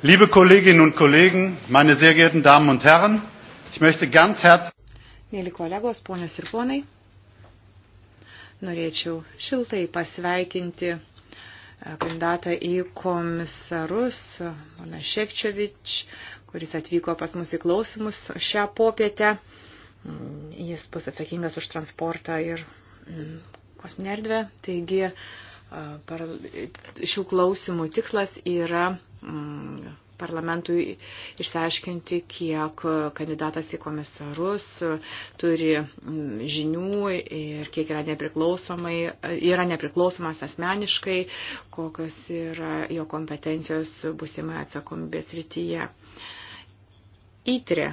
Liebe Kolleginnen und Kollegen, meine sehr geehrten Damen und Herren, ich möchte ganz herzlich. Mėly kolegos, ponios ir ponai, norėčiau šiltai pasveikinti e, kandidatą į komisarus, e, pana Ševčiovič, kuris atvyko pas mus į klausimus šią popietę. Mm, jis bus atsakingas už transportą ir mm, kosminę erdvę. Taigi, Šių klausimų tikslas yra mm, parlamentui išsiaiškinti, kiek kandidatas į komisarus turi mm, žinių ir kiek yra, yra nepriklausomas asmeniškai, kokios yra jo kompetencijos būsimai atsakomybės rytyje. Įtrė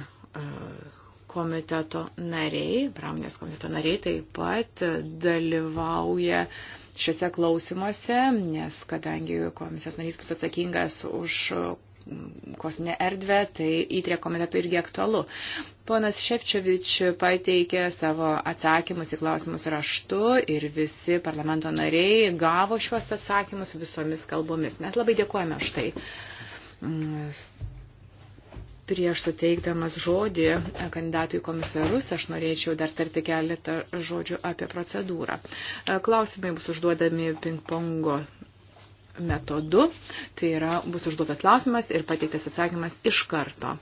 komiteto nariai, pramonės komiteto nariai taip pat dalyvauja šiuose klausimuose, nes kadangi komisijos narys bus atsakingas už kosminę erdvę, tai įtrė komitetų irgi aktualu. Ponas Šepčiovič pateikė savo atsakymus į klausimus raštu ir visi parlamento nariai gavo šiuos atsakymus visomis kalbomis. Mes labai dėkojame už tai Prieš suteikdamas žodį e, kandidatui komisarus, aš norėčiau dar tarti keletą žodžių apie procedūrą. E, klausimai bus užduodami ping-pongo metodu, tai yra bus užduotas klausimas ir pateiktas atsakymas iš karto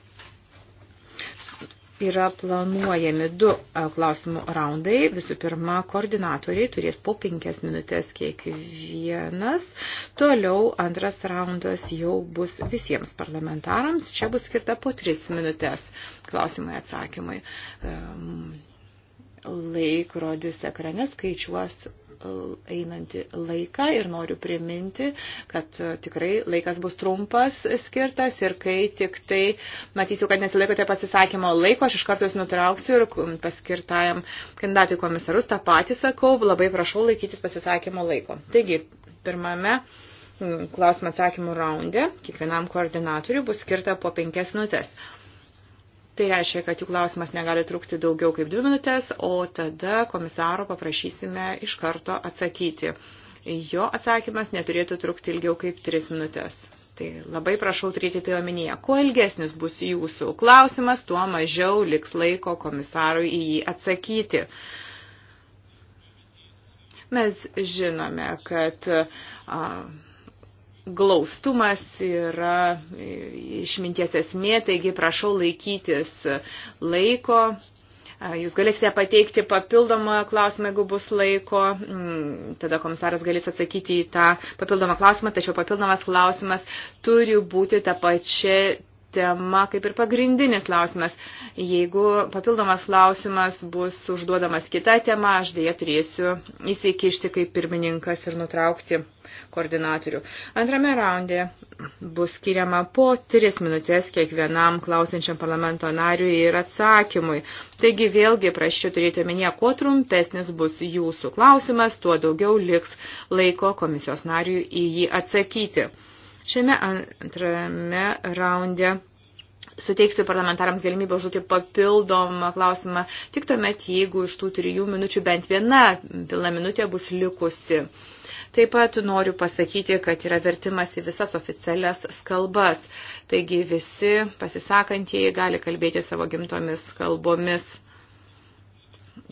yra planuojami du e, klausimų raundai. Visų pirma, koordinatoriai turės po penkias minutės kiekvienas. Toliau antras raundas jau bus visiems parlamentarams. Čia bus skirta po tris minutės klausimai atsakymai. Laikrodis ekrane skaičiuos einantį laiką ir noriu priminti, kad e, tikrai laikas bus trumpas skirtas ir kai tik tai matysiu, kad nesilaikote pasisakymo laiko, aš iš karto jūs nutrauksiu ir paskirtajam kandidatui komisarus tą patį sakau, labai prašau laikytis pasisakymo laiko. Taigi, pirmame klausimų atsakymų raunde kiekvienam koordinatoriui bus skirta po penkias minutės. Tai reiškia, kad jų klausimas negali trukti daugiau kaip dvi minutės, o tada komisaro paprašysime iš karto atsakyti. Jo atsakymas neturėtų trukti ilgiau kaip tris minutės. Tai labai prašau turėti tai omenyje. Kuo ilgesnis bus jūsų klausimas, tuo mažiau liks laiko komisarui į jį atsakyti. Mes žinome, kad. Uh, glaustumas yra išminties esmė, taigi prašau laikytis laiko. Jūs galėsite pateikti papildomą klausimą, jeigu bus laiko. Mm, tada komisaras galės atsakyti į tą papildomą klausimą, tačiau papildomas klausimas turi būti ta pačia tema kaip ir pagrindinis klausimas. Jeigu papildomas klausimas bus užduodamas kita tema, aš dėja turėsiu įsikišti kaip pirmininkas ir nutraukti koordinatorių. Antrame raunde bus skiriama po 3 minutės kiekvienam klausiančiam parlamento nariui ir atsakymui. Taigi vėlgi prašyčiau turėti omenyje, kuo trumpesnis bus jūsų klausimas, tuo daugiau liks laiko komisijos nariui į jį atsakyti. Šiame antrame raunde suteiksiu parlamentarams galimybę užduoti papildomą klausimą tik tuomet, jeigu iš tų trijų minučių bent viena pilna minutė bus likusi. Taip pat noriu pasakyti, kad yra vertimas į visas oficialias kalbas, taigi visi pasisakantieji gali kalbėti savo gimtomis kalbomis.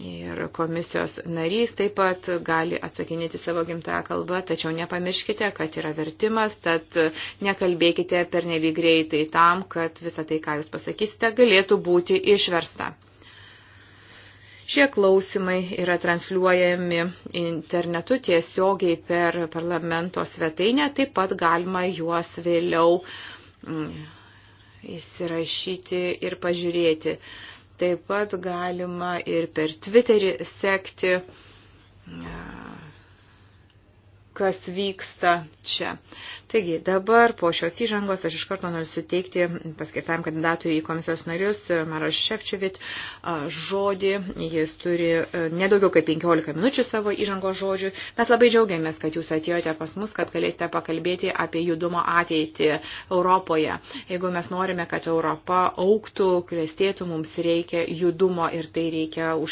Ir komisijos narys taip pat gali atsakinėti savo gimtąją kalbą, tačiau nepamirškite, kad yra vertimas, tad nekalbėkite per nelyg greitai tam, kad visą tai, ką jūs pasakysite, galėtų būti išversta. Šie klausimai yra transliuojami internetu tiesiogiai per parlamento svetainę, taip pat galima juos vėliau mm, įsirašyti ir pažiūrėti. Taip pat galima ir per Twitterį sekti kas vyksta čia. Taigi, dabar po šios įžangos aš iš karto noriu suteikti paskirtam kandidatui į komisijos narius e, Maras Šepčevit žodį. Jis turi e, nedaugiau kaip 15 minučių savo įžangos žodžių. Mes labai džiaugiamės, kad jūs atėjote pas mus, kad galėsite pakalbėti apie judumo ateitį Europoje. Jeigu mes norime, kad Europa auktų, klestėtų, mums reikia judumo ir tai reikia už